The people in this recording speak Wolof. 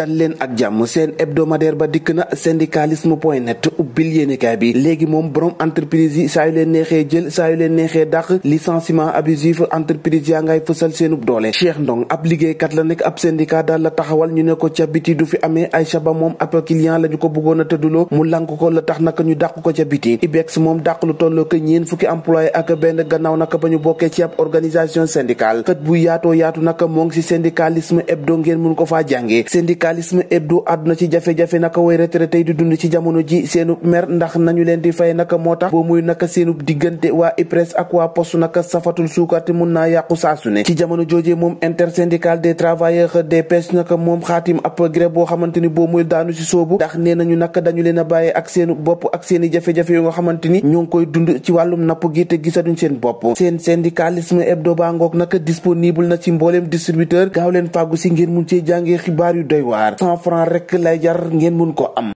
dal leen ak jàmm seen hebdomadaire ba dikk na syndicalisme point net ubbil yéenekaay bi léegi moom borom entreprise yi saa yu leen neexee jël saa yu leen neexee dàq licenciement abusif entreprise yaa ngay fësal seenub doole Cheikh Ndong ab liggéeykat la nekk ab syndicat daal la taxawal ñu ne ko ca biti du fi amee Aïcha Ba moom ab client la ñu ko bëggoon a tëdduloo mu lank ko la tax naka ñu dàq ko ca biti IBEX moom dàq lu tolloo ko ñeen fukki employé ak benn gannaaw naka ba ñu bokkee ci organisation syndicale bu yaatoo yaatu naka moo ngi si syndicalisme hebdo ngeen mun ko faa jàngee syndicat syndicalisme hebdo àdduna ci jafe-jafe naka way retraité yi di dund ci jamono ji ndax nañu leen di fay naka moo tax boo muy naka seenub diggante waa IPRES ak waa poste naka safatul te mun naa yàqu saasu ne ci jamono joojee moom intersyndical des travailleurs des pêches naka moom xaatim ab grève boo xamante ni boo muy daanu si soobu ndax nee nañu naka dañu leen a bàyyee ak seenu bopp ak seen i jafe-jafe yu nga xamante ni ñoo ngi koy dund ci wàllum napp gi te gisaduñ seen bopp seen syndicalisme hebdo baa ngoog naka disponible na ci mbooleem distributeur gaaw leen fàggu si ngeen mun cee jàngee xibaar yu doy waar waar cent rekk rek lay jar ngeen mun ko am